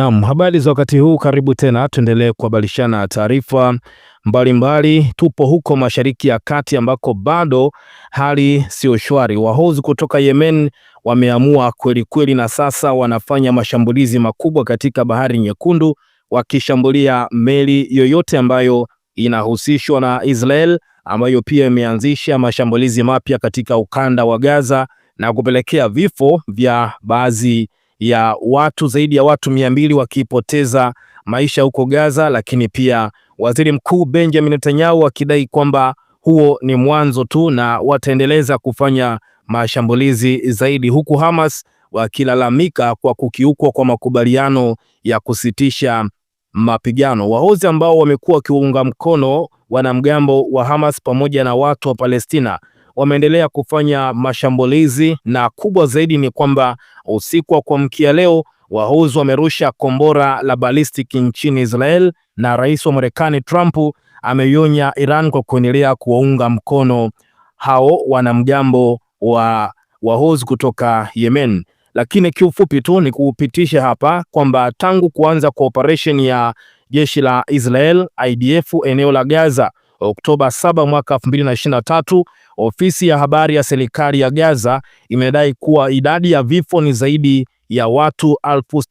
Naam, habari za wakati huu, karibu tena, tuendelee kuhabarishana taarifa mbalimbali. Tupo huko Mashariki ya Kati ambako bado hali sio shwari. Wahozi kutoka Yemen wameamua kweli kweli, na sasa wanafanya mashambulizi makubwa katika Bahari Nyekundu, wakishambulia meli yoyote ambayo inahusishwa na Israel, ambayo pia imeanzisha mashambulizi mapya katika ukanda wa Gaza na kupelekea vifo vya baadhi ya watu zaidi ya watu mia mbili wakipoteza maisha huko Gaza, lakini pia Waziri Mkuu Benjamin Netanyahu akidai kwamba huo ni mwanzo tu na wataendeleza kufanya mashambulizi zaidi, huku Hamas wakilalamika kwa kukiukwa kwa makubaliano ya kusitisha mapigano. Wahozi ambao wamekuwa wakiunga mkono wanamgambo wa Hamas pamoja na watu wa Palestina wameendelea kufanya mashambulizi, na kubwa zaidi ni kwamba usiku wa kuamkia leo Wahuzi wamerusha kombora la ballistic nchini Israel, na rais wa Marekani Trump ameionya Iran kwa kuendelea kuwaunga mkono hao wanamgambo wa Wahuzi kutoka Yemen. Lakini kiufupi tu ni kuupitisha hapa kwamba tangu kuanza kwa operation ya jeshi la Israel IDF eneo la Gaza Oktoba 7 mwaka 2023, ofisi ya habari ya serikali ya Gaza imedai kuwa idadi ya vifo ni zaidi ya watu elfu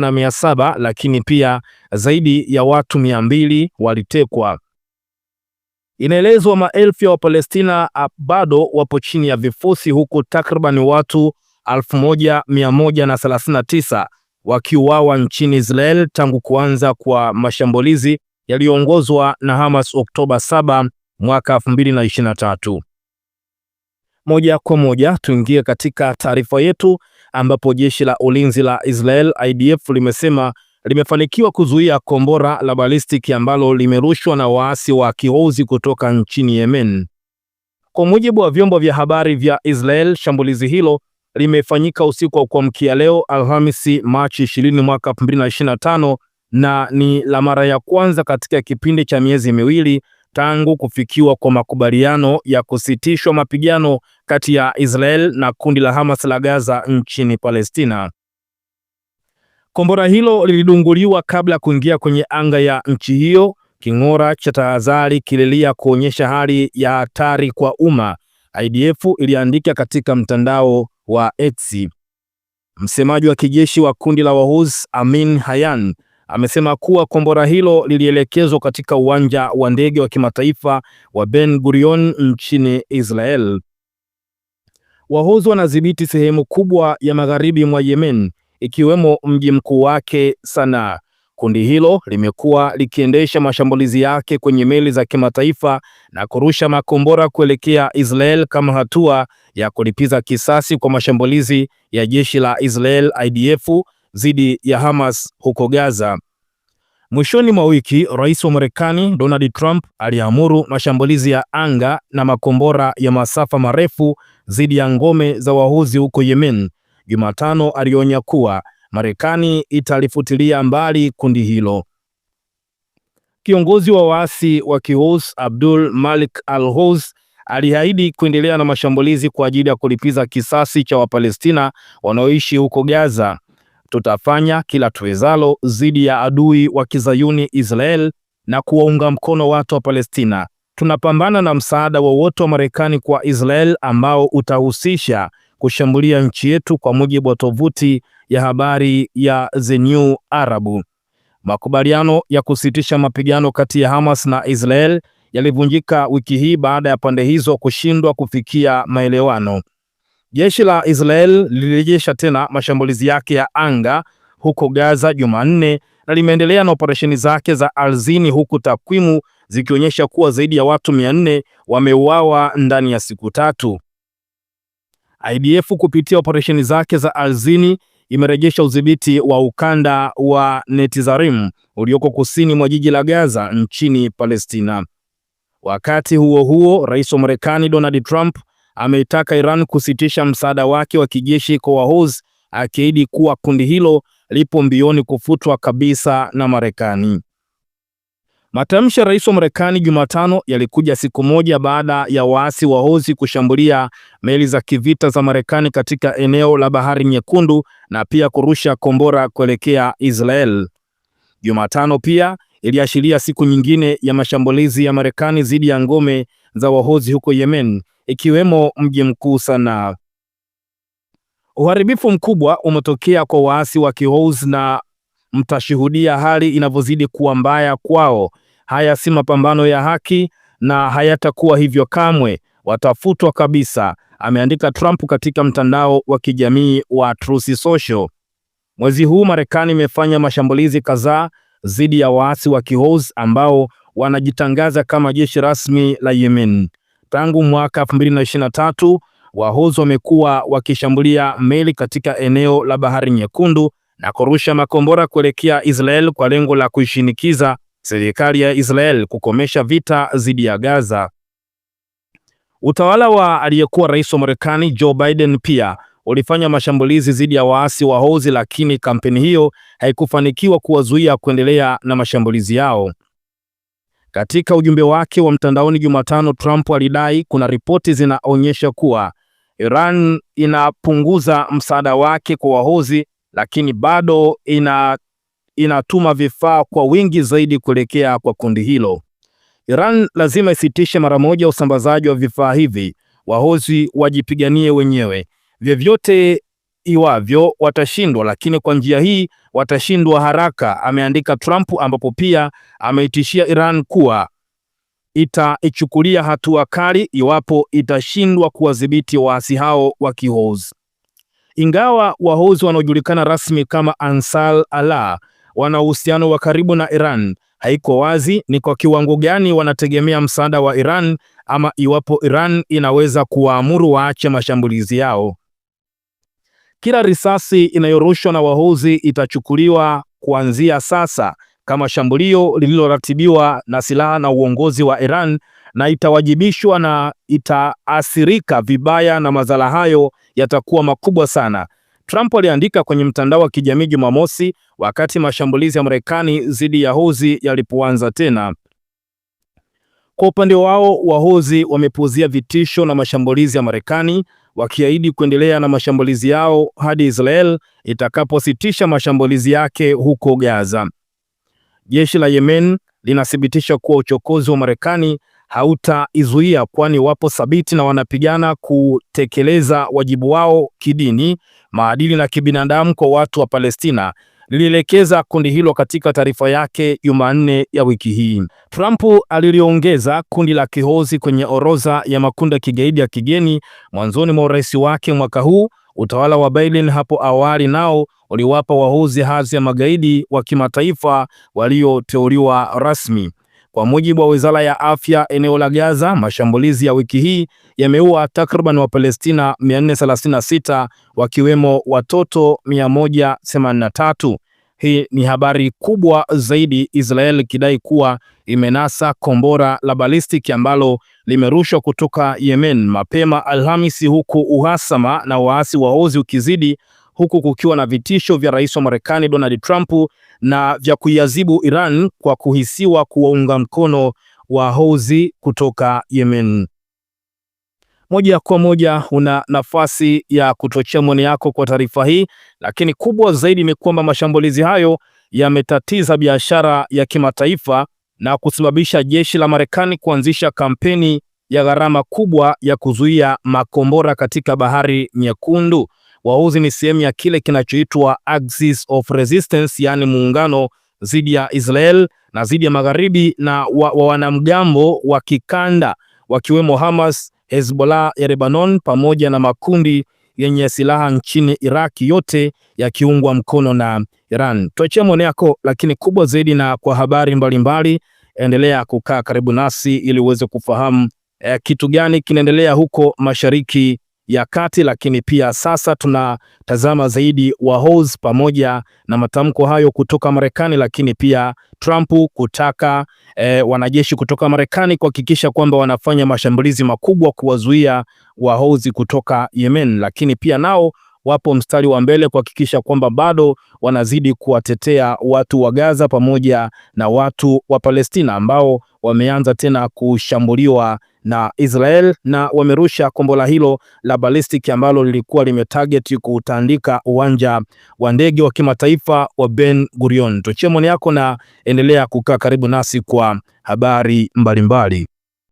na saba lakini pia zaidi ya watu mia mbili walitekwa. Inaelezwa maelfu ya Wapalestina ah, bado wapo chini ya vifusi huku takriban watu 1139 wakiuawa nchini Israel tangu kuanza kwa mashambulizi yaliyoongozwa na Hamas Oktoba 7 mwaka 2023. Moja kwa moja tuingie katika taarifa yetu ambapo jeshi la ulinzi la Israel IDF limesema limefanikiwa kuzuia kombora la balistiki ambalo limerushwa na waasi wa kiouzi kutoka nchini Yemen. Kwa mujibu wa vyombo vya habari vya Israel, shambulizi hilo limefanyika usiku wa kuamkia leo Alhamisi, Machi 20 mwaka na ni la mara ya kwanza katika kipindi cha miezi miwili tangu kufikiwa kwa makubaliano ya kusitishwa mapigano kati ya Israel na kundi la Hamas la Gaza nchini Palestina. Kombora hilo lilidunguliwa kabla ya kuingia kwenye anga ya nchi hiyo, king'ora cha tahadhari kililia kuonyesha hali ya hatari kwa umma, IDF iliandika katika mtandao wa X. Msemaji wa kijeshi wa kundi la Wahuz Amin Hayan amesema kuwa kombora hilo lilielekezwa katika uwanja wa ndege wa kimataifa wa Ben Gurion nchini Israel. Wahozi wanadhibiti sehemu kubwa ya magharibi mwa Yemen ikiwemo mji mkuu wake Sanaa. Kundi hilo limekuwa likiendesha mashambulizi yake kwenye meli za kimataifa na kurusha makombora kuelekea Israel kama hatua ya kulipiza kisasi kwa mashambulizi ya jeshi la Israel IDF dhidi ya Hamas huko Gaza. Mwishoni mwa wiki, Rais wa Marekani Donald Trump aliamuru mashambulizi ya anga na makombora ya masafa marefu dhidi ya ngome za wahuzi huko Yemen. Jumatano alionya kuwa Marekani italifutilia mbali kundi hilo. Kiongozi wa waasi wa Kihouthi Abdul Malik al-Houthi aliahidi kuendelea na mashambulizi kwa ajili ya kulipiza kisasi cha Wapalestina wanaoishi huko Gaza tutafanya kila tuwezalo dhidi ya adui wa kizayuni Israel na kuwaunga mkono watu wa Palestina. Tunapambana na msaada wowote wa, wa Marekani kwa Israel ambao utahusisha kushambulia nchi yetu, kwa mujibu wa tovuti ya habari ya The New Arab. Makubaliano ya kusitisha mapigano kati ya Hamas na Israel yalivunjika wiki hii baada ya pande hizo kushindwa kufikia maelewano. Jeshi la Israel lilirejesha tena mashambulizi yake ya anga huko Gaza Jumanne na limeendelea na operesheni zake za ardhini huku takwimu zikionyesha kuwa zaidi ya watu 400 wameuawa ndani ya siku tatu. IDF kupitia operesheni zake za ardhini imerejesha udhibiti wa ukanda wa netizarim ulioko kusini mwa jiji la Gaza nchini Palestina. Wakati huo huo, Rais wa Marekani Donald Trump ameitaka Iran kusitisha msaada wake wa kijeshi kwa Wahouz, akiahidi kuwa kundi hilo lipo mbioni kufutwa kabisa na Marekani. Matamshi ya rais wa Marekani Jumatano yalikuja siku moja baada ya waasi wa Houthi kushambulia meli za kivita za Marekani katika eneo la Bahari Nyekundu na pia kurusha kombora kuelekea Israel. Jumatano pia iliashiria siku nyingine ya mashambulizi ya Marekani dhidi ya ngome za Wahouthi huko Yemen, ikiwemo mji mkuu Sanaa. Uharibifu mkubwa umetokea kwa waasi wa Kihouthi na mtashuhudia hali inavyozidi kuwa mbaya kwao. Haya si mapambano ya haki na hayatakuwa hivyo kamwe, watafutwa kabisa, ameandika Trump katika mtandao wa kijamii wa Truth Social. Mwezi huu Marekani imefanya mashambulizi kadhaa dhidi ya waasi wa Kihouthi ambao wanajitangaza kama jeshi rasmi la Yemen. Tangu mwaka 2023 Wahozi wamekuwa wakishambulia meli katika eneo la Bahari Nyekundu na kurusha makombora kuelekea Israel kwa lengo la kuishinikiza serikali ya Israel kukomesha vita dhidi ya Gaza. Utawala wa aliyekuwa rais wa Marekani Joe Biden pia ulifanya mashambulizi dhidi ya waasi wa hozi lakini kampeni hiyo haikufanikiwa kuwazuia kuendelea na mashambulizi yao. Katika ujumbe wake wa mtandaoni Jumatano, Trump alidai kuna ripoti zinaonyesha kuwa Iran inapunguza msaada wake kwa wahozi, lakini bado ina inatuma vifaa kwa wingi zaidi kuelekea kwa kundi hilo. Iran lazima isitishe mara moja usambazaji wa vifaa hivi, wahozi wajipiganie wenyewe. Vyovyote iwavyo watashindwa, lakini kwa njia hii watashindwa haraka, ameandika Trump, ambapo pia ameitishia Iran kuwa itaichukulia hatua kali iwapo itashindwa kuwadhibiti waasi hao wa Kihouz. Ingawa Wahouz wanaojulikana rasmi kama Ansar Allah wana uhusiano wa karibu na Iran, haiko wazi ni kwa kiwango gani wanategemea msaada wa Iran ama iwapo Iran inaweza kuwaamuru waache mashambulizi yao. Kila risasi inayorushwa na wahozi itachukuliwa kuanzia sasa kama shambulio lililoratibiwa na silaha na uongozi wa Iran na itawajibishwa na itaathirika vibaya na madhara hayo yatakuwa makubwa sana. Trump aliandika kwenye mtandao wa kijamii Jumamosi wakati mashambulizi ya Marekani dhidi ya Houthi yalipoanza tena. Kwa upande wao, wahozi wamepuuzia vitisho na mashambulizi ya Marekani, wakiahidi kuendelea na mashambulizi yao hadi Israel itakapositisha mashambulizi yake huko Gaza. Jeshi la Yemen linathibitisha kuwa uchokozi wa Marekani hautaizuia, kwani wapo thabiti na wanapigana kutekeleza wajibu wao kidini, maadili na kibinadamu kwa watu wa Palestina lilielekeza kundi hilo katika taarifa yake Jumanne ya wiki hii. Trump aliliongeza kundi la kihozi kwenye orodha ya makundi ya kigaidi ya kigeni mwanzoni mwa urais wake mwaka huu. Utawala wa Biden hapo awali nao uliwapa wahozi hadhi ya magaidi wa kimataifa walioteuliwa rasmi. Kwa mujibu wa Wizara ya Afya eneo la Gaza, mashambulizi ya wiki hii yameua takriban Wapalestina 436 wakiwemo watoto 183. Hii ni habari kubwa zaidi, Israel ikidai kuwa imenasa kombora la balistiki ambalo limerushwa kutoka Yemen mapema Alhamisi, huku uhasama na waasi wa Houthi ukizidi huku kukiwa na vitisho vya rais wa Marekani Donald Trump na vya kuiadhibu Iran kwa kuhisiwa kuwaunga mkono wa Houthi kutoka Yemen. Moja kwa moja una nafasi ya kutochea maoni yako kwa taarifa hii, lakini kubwa zaidi ni kwamba mashambulizi hayo yametatiza biashara ya kimataifa na kusababisha jeshi la Marekani kuanzisha kampeni ya gharama kubwa ya kuzuia makombora katika Bahari Nyekundu. Wauzi ni sehemu ya kile kinachoitwa axis of resistance, yaani muungano dhidi ya Israel na dhidi ya magharibi na wa, wa wanamgambo wa kikanda wakiwemo Hamas, Hezbollah ya Lebanon pamoja na makundi yenye silaha nchini Iraki, yote yakiungwa mkono na Iran. Tuachie maoni yako, lakini kubwa zaidi na kwa habari mbalimbali mbali, endelea kukaa karibu nasi ili uweze kufahamu eh, kitu gani kinaendelea huko Mashariki ya kati, lakini pia sasa tunatazama zaidi Walls pamoja na matamko hayo kutoka Marekani, lakini pia Trump kutaka eh, wanajeshi kutoka Marekani kuhakikisha kwamba wanafanya mashambulizi makubwa kuwazuia Walls kutoka Yemen, lakini pia nao wapo mstari wa mbele kuhakikisha kwamba bado wanazidi kuwatetea watu wa Gaza pamoja na watu wa Palestina ambao wameanza tena kushambuliwa na Israel na wamerusha kombora hilo la ballistic ambalo lilikuwa limetarget kutandika uwanja wa ndege wa kimataifa wa Ben Gurion. Tochea maoni yako na endelea kukaa karibu nasi kwa habari mbalimbali.